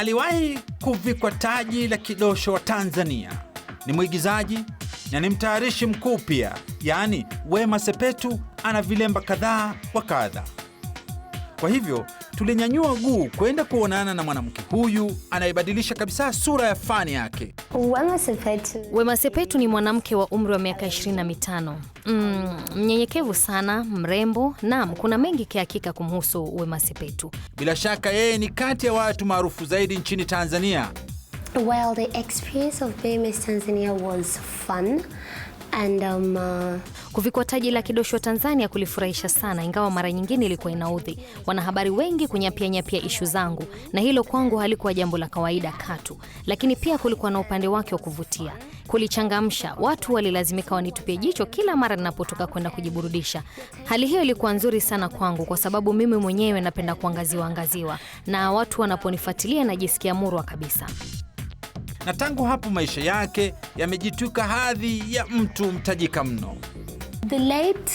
aliwahi kuvikwa taji la kidosho wa Tanzania. Ni mwigizaji na ni mtayarishi mkuu pia, yaani Wema Sepetu ana vilemba kadhaa wa kadha. Kwa hivyo tulinyanyua guu kwenda kuonana na mwanamke huyu anayebadilisha kabisa sura ya fani yake. Wema Sepetu, Wema Sepetu ni mwanamke wa umri wa miaka 25, mm, mnyenyekevu sana, mrembo. Naam, kuna mengi kihakika kumhusu Wema Sepetu. Bila shaka yeye ni kati ya watu maarufu zaidi nchini Tanzania. Well, the experience of being Miss Tanzania was fun. And, um, uh... kuvikwa taji la kidosho Tanzania kulifurahisha sana, ingawa mara nyingine ilikuwa inaudhi. Wanahabari wengi kunyapianyapia ishu zangu, na hilo kwangu halikuwa jambo la kawaida katu, lakini pia kulikuwa na upande wake wa kuvutia, kulichangamsha. Watu walilazimika wanitupie jicho kila mara ninapotoka kwenda kujiburudisha. Hali hiyo ilikuwa nzuri sana kwangu, kwa sababu mimi mwenyewe napenda kuangaziwa angaziwa, na watu wanaponifuatilia najisikia murwa kabisa na tangu hapo maisha yake yamejituka hadhi ya mtu mtajika mno. The late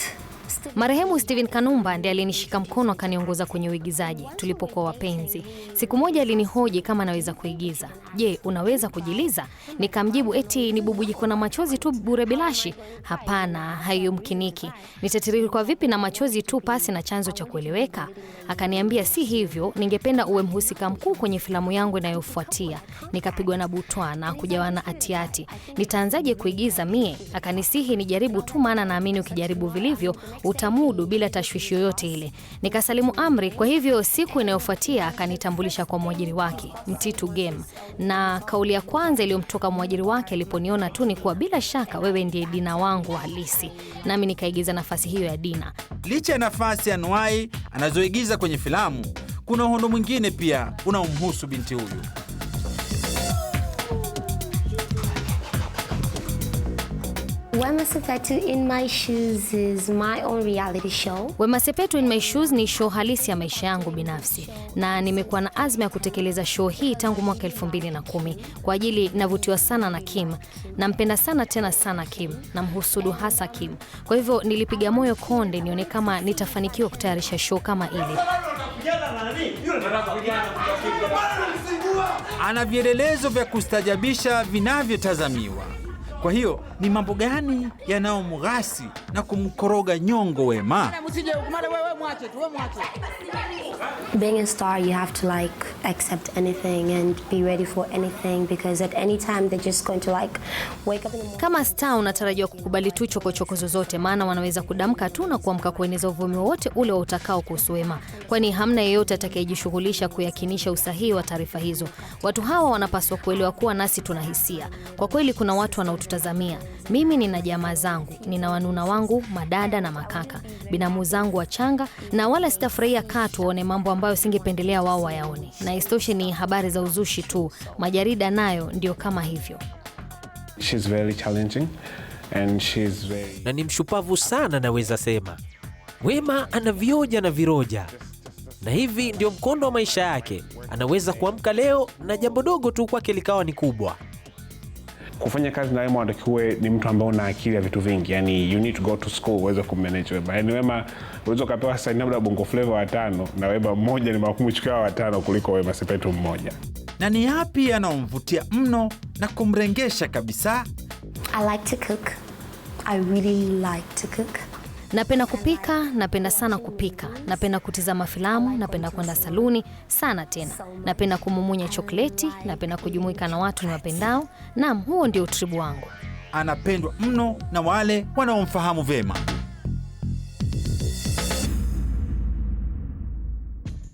Marehemu Steven Kanumba ndiye alinishika mkono akaniongoza kwenye uigizaji tulipokuwa wapenzi. Siku moja alinihoji kama naweza kuigiza. Je, unaweza kujiliza? Nikamjibu eti ni bubujiko na machozi tu bure bilashi? Hapana, haiyumkiniki. Nitatiririkwa vipi na machozi tu pasi na chanzo cha kueleweka? Akaniambia si hivyo, ningependa uwe mhusika mkuu kwenye filamu yangu inayofuatia. Nikapigwa na butwa na kujawa na atiati. Nitaanzaje kuigiza mie? Akanisihi nijaribu tu, maana naamini ukijaribu vilivyo utamudu bila tashwishi yoyote ile. Nikasalimu amri. Kwa hivyo siku inayofuatia akanitambulisha kwa mwajiri wake Mtitu Game, na kauli ya kwanza iliyomtoka mwajiri wake aliponiona tu ni kuwa bila shaka wewe ndiye Dina wangu halisi, nami nikaigiza nafasi hiyo ya Dina. Licha ya nafasi anuai anazoigiza kwenye filamu, kuna uhondo mwingine pia unaomhusu binti huyu. Wema Sepetu in my shoes is my own reality show. Wema Sepetu in my shoes ni show halisi ya maisha yangu binafsi na nimekuwa na azma ya kutekeleza show hii tangu mwaka kumi kwa ajili navutiwa sana na Kim. Nampenda sana tena sana Kim. Namhusudu hasa Kim. Kwa hivyo nilipiga moyo konde nione kama nitafanikiwa kutayarisha show kama ile. Ana vielelezo vya kustajabisha vinavyotazamiwa. Kwa hiyo ni mambo gani yanayomghasi na kumkoroga nyongo Wema? Being a star you have to like accept anything and be ready for anything because at any time they're just going to like wake up in the morning. Kama star unatarajiwa kukubali tu chokochoko zozote, maana wanaweza kudamka tu na kuamka kueneza uvumi wowote ule wa utakao kuhusu Wema, kwani hamna yeyote atakayejishughulisha kuyakinisha usahihi wa taarifa hizo. Watu hawa wanapaswa kuelewa kuwa nasi tunahisia. Kwa kweli kuna watu wanao kututazamia. Mimi nina jamaa zangu, nina wanuna wangu madada na makaka, binamu zangu wachanga, na wala sitafurahia katu waone mambo ambayo singependelea wao wayaone, na isitoshe ni habari za uzushi tu. Majarida nayo ndio kama hivyo. She's very challenging and she's very... na ni mshupavu sana, naweza sema Wema ana vioja na viroja na hivi ndio mkondo wa maisha yake. Anaweza kuamka leo na jambo dogo tu kwake likawa ni kubwa kufanya kazi na Wema watakiwe ni mtu ambaye una akili ya vitu vingi, yani you need to go to school uweze kumanage Wema. Yani Wema uweze ukapewa sasa labda Bongo fleva watano na Wema mmoja ni chukiwa watano kuliko Wema Sepetu mmoja. Na ni yapi yanayomvutia mno na kumrengesha kabisa? I like to cook. I really like to cook. Napenda kupika, napenda sana kupika. Napenda kutizama filamu, napenda kwenda saluni sana tena. Napenda kumumunya chokleti, napenda kujumuika na watu niwapendao. Naam, huo ndio utribu wangu. Anapendwa mno na wale wanaomfahamu vyema.